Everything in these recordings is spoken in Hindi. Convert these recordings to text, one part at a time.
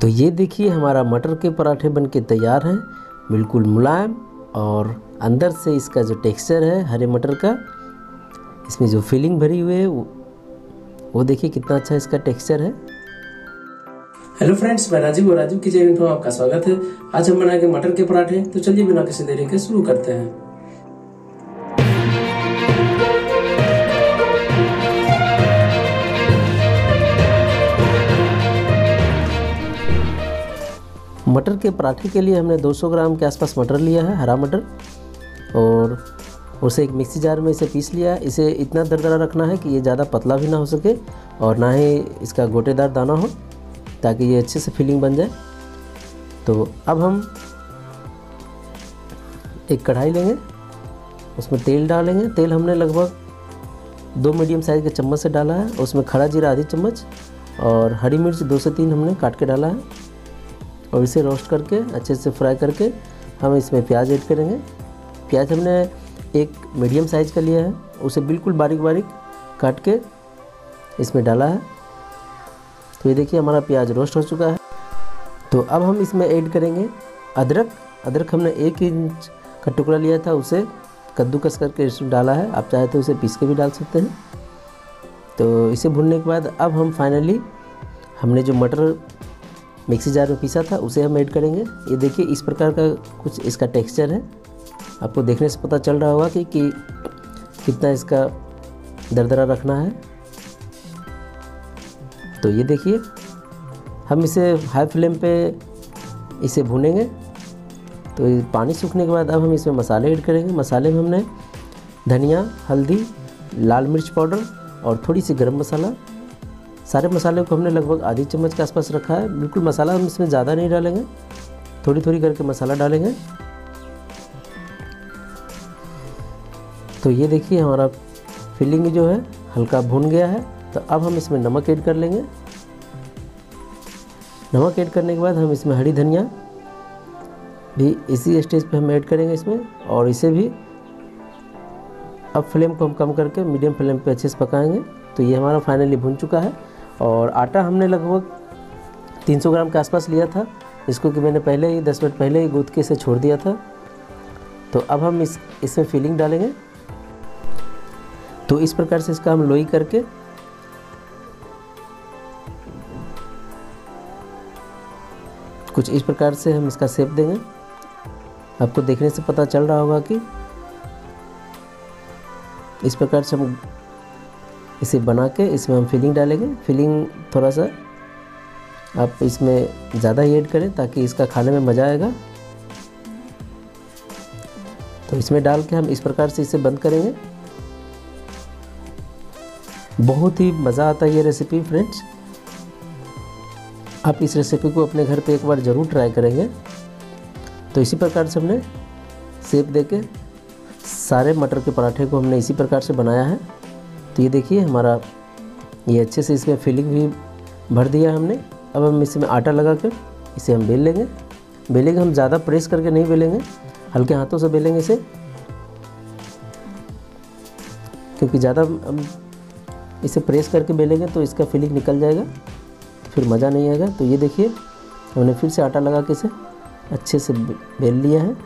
तो ये देखिए हमारा मटर के पराठे बन के तैयार हैं बिल्कुल मुलायम और अंदर से इसका जो टेक्सचर है हरे मटर का इसमें जो फीलिंग भरी हुई है वो, वो देखिए कितना अच्छा इसका टेक्सचर है हेलो फ्रेंड्स मैं राजीव और राजीव की जय में आपका स्वागत है आज हम बनाएंगे मटर के पराठे तो चलिए बिना किसी देरी के शुरू करते हैं मटर के पराठे के लिए हमने 200 ग्राम के आसपास मटर लिया है हरा मटर और उसे एक मिक्सी जार में इसे पीस लिया है इसे इतना दरदरा रखना है कि ये ज़्यादा पतला भी ना हो सके और ना ही इसका गोटेदार दाना हो ताकि ये अच्छे से फीलिंग बन जाए तो अब हम एक कढ़ाई लेंगे उसमें तेल डालेंगे तेल हमने लगभग दो मीडियम साइज़ के चम्मच से डाला है उसमें खड़ा जीरा आधी चम्मच और हरी मिर्च दो से तीन हमने काट के डाला है और इसे रोस्ट करके अच्छे से फ्राई करके हम इसमें प्याज ऐड करेंगे प्याज हमने एक मीडियम साइज़ का लिया है उसे बिल्कुल बारीक बारीक काट के इसमें डाला है तो ये देखिए हमारा प्याज रोस्ट हो चुका है तो अब हम इसमें ऐड करेंगे अदरक अदरक हमने एक इंच का टुकड़ा लिया था उसे कद्दूकस करके इसमें डाला है आप चाहे तो उसे पीस के भी डाल सकते हैं तो इसे भूनने के बाद अब हम फाइनली हमने जो मटर मिक्सी जार में पीसा था उसे हम ऐड करेंगे ये देखिए इस प्रकार का कुछ इसका टेक्सचर है आपको देखने से पता चल रहा होगा कि, कि कितना इसका दरदरा रखना है तो ये देखिए हम इसे हाई फ्लेम पे इसे भूनेंगे तो पानी सूखने के बाद अब हम इसमें मसाले ऐड करेंगे मसाले में हमने धनिया हल्दी लाल मिर्च पाउडर और थोड़ी सी गर्म मसाला सारे मसाले को हमने लगभग आधी चम्मच के आसपास रखा है बिल्कुल मसाला हम इसमें ज़्यादा नहीं डालेंगे थोड़ी थोड़ी करके मसाला डालेंगे तो ये देखिए हमारा फिलिंग जो है हल्का भुन गया है तो अब हम इसमें नमक ऐड कर लेंगे नमक ऐड करने के बाद हम इसमें हरी धनिया भी इसी स्टेज पे हम ऐड करेंगे इसमें और इसे भी अब फ्लेम को हम कम करके मीडियम फ्लेम पे अच्छे से पकाएंगे तो ये हमारा फाइनली भुन चुका है और आटा हमने लगभग 300 ग्राम के आसपास लिया था इसको कि मैंने पहले ही 10 मिनट पहले ही गूथ के इसे छोड़ दिया था तो अब हम इस इसमें फीलिंग डालेंगे तो इस प्रकार से इसका हम लोई करके कुछ इस प्रकार से हम इसका सेप देंगे आपको देखने से पता चल रहा होगा कि इस प्रकार से हम इसे बना के इसमें हम फिलिंग डालेंगे फिलिंग थोड़ा सा आप इसमें ज़्यादा ही ऐड करें ताकि इसका खाने में मज़ा आएगा तो इसमें डाल के हम इस प्रकार से इसे बंद करेंगे बहुत ही मज़ा आता है ये रेसिपी फ्रेंड्स आप इस रेसिपी को अपने घर पे एक बार ज़रूर ट्राई करेंगे तो इसी प्रकार से हमने सेप दे के सारे मटर के पराठे को हमने इसी प्रकार से बनाया है तो ये देखिए हमारा ये अच्छे से इसमें फिलिंग भी भर दिया हमने अब हम इसमें आटा लगा कर इसे हम बेल लेंगे बेलेंगे हम ज़्यादा प्रेस करके नहीं बेलेंगे हल्के हाथों से बेलेंगे इसे क्योंकि ज़्यादा इसे प्रेस करके बेलेंगे तो इसका फिलिंग निकल जाएगा फिर मज़ा नहीं आएगा तो ये देखिए हमने फिर से आटा लगा के इसे अच्छे से बेल लिया है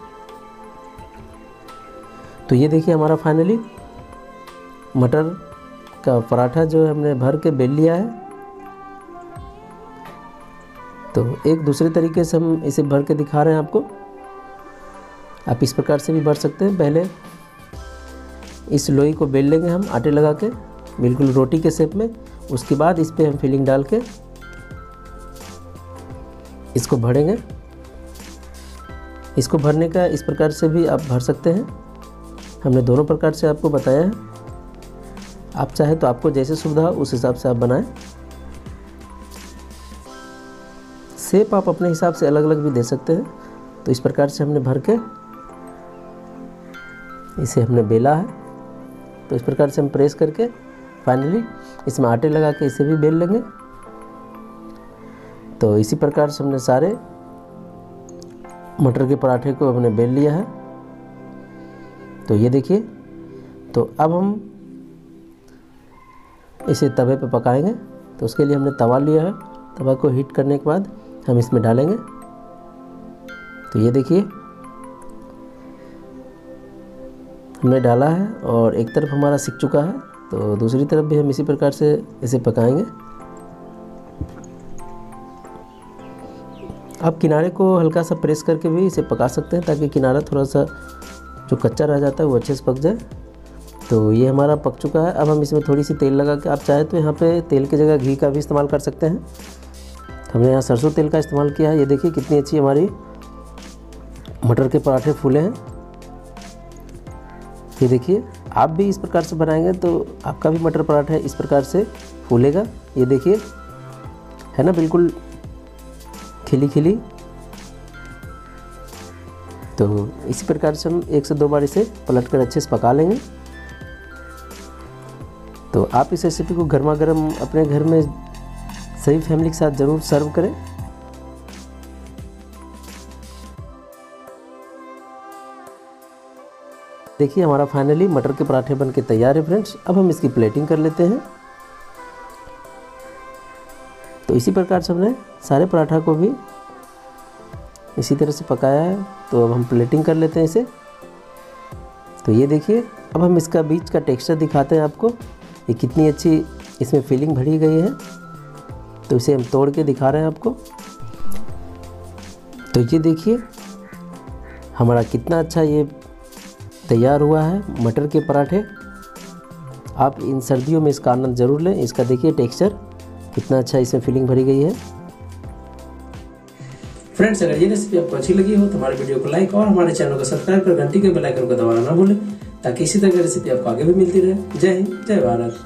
तो ये देखिए हमारा फाइनली मटर का पराठा जो हमने भर के बेल लिया है तो एक दूसरे तरीके से हम इसे भर के दिखा रहे हैं आपको आप इस प्रकार से भी भर सकते हैं पहले इस लोई को बेल लेंगे हम आटे लगा के बिल्कुल रोटी के शेप में उसके बाद इस पर हम फिलिंग डाल के इसको भरेंगे इसको भरने का इस प्रकार से भी आप भर सकते हैं हमने दोनों प्रकार से आपको बताया है आप चाहे तो आपको जैसे सुविधा उस हिसाब से आप बनाएं सेप आप अपने हिसाब से अलग अलग भी दे सकते हैं तो इस प्रकार से हमने भर के इसे हमने बेला है तो इस प्रकार से हम प्रेस करके फाइनली इसमें आटे लगा के इसे भी बेल लेंगे तो इसी प्रकार से हमने सारे मटर के पराठे को हमने बेल लिया है तो ये देखिए तो अब हम इसे तवे पे पकाएंगे तो उसके लिए हमने तवा लिया है तवा को हीट करने के बाद हम इसमें डालेंगे तो ये देखिए हमने डाला है और एक तरफ हमारा सिक चुका है तो दूसरी तरफ भी हम इसी प्रकार से इसे पकाएंगे आप किनारे को हल्का सा प्रेस करके भी इसे पका सकते हैं ताकि किनारा थोड़ा सा जो कच्चा रह जाता है वो अच्छे से पक जाए तो ये हमारा पक चुका है अब हम इसमें थोड़ी सी तेल लगा के आप चाहे तो यहाँ पे तेल की जगह घी का भी इस्तेमाल कर सकते हैं हमने यहाँ सरसों तेल का इस्तेमाल किया है ये देखिए कितनी अच्छी हमारी मटर के पराठे फूले हैं ये देखिए आप भी इस प्रकार से बनाएंगे तो आपका भी मटर पराठा इस प्रकार से फूलेगा ये देखिए है ना बिल्कुल खिली खिली तो इसी प्रकार से हम एक से दो बार इसे पलट कर अच्छे से पका लेंगे तो आप इस रेसिपी को गर्मा गर्म अपने घर में सही फैमिली के साथ ज़रूर सर्व करें देखिए हमारा फाइनली मटर के पराठे बन के तैयार है फ्रेंड्स अब हम इसकी प्लेटिंग कर लेते हैं तो इसी प्रकार से हमने सारे पराठा को भी इसी तरह से पकाया है तो अब हम प्लेटिंग कर लेते हैं इसे तो ये देखिए अब हम इसका बीच का टेक्सचर दिखाते हैं आपको ये कितनी अच्छी इसमें फीलिंग भरी गई है तो इसे हम तोड़ के दिखा रहे हैं आपको तो ये देखिए हमारा कितना अच्छा ये तैयार हुआ है मटर के पराठे आप इन सर्दियों में इसका आनंद ज़रूर लें इसका देखिए टेक्सचर कितना अच्छा इसमें फीलिंग भरी गई है फ्रेंड्स अगर ये रेसिपी आपको अच्छी लगी हो तो हमारे वीडियो को लाइक और हमारे चैनल को सब्सक्राइब कर घंटी के बेल आइकन को दबाना ना भूलें ताकि इसी तरह की रेसिपी आपको आगे भी मिलती रहे जय हिंद जय भारत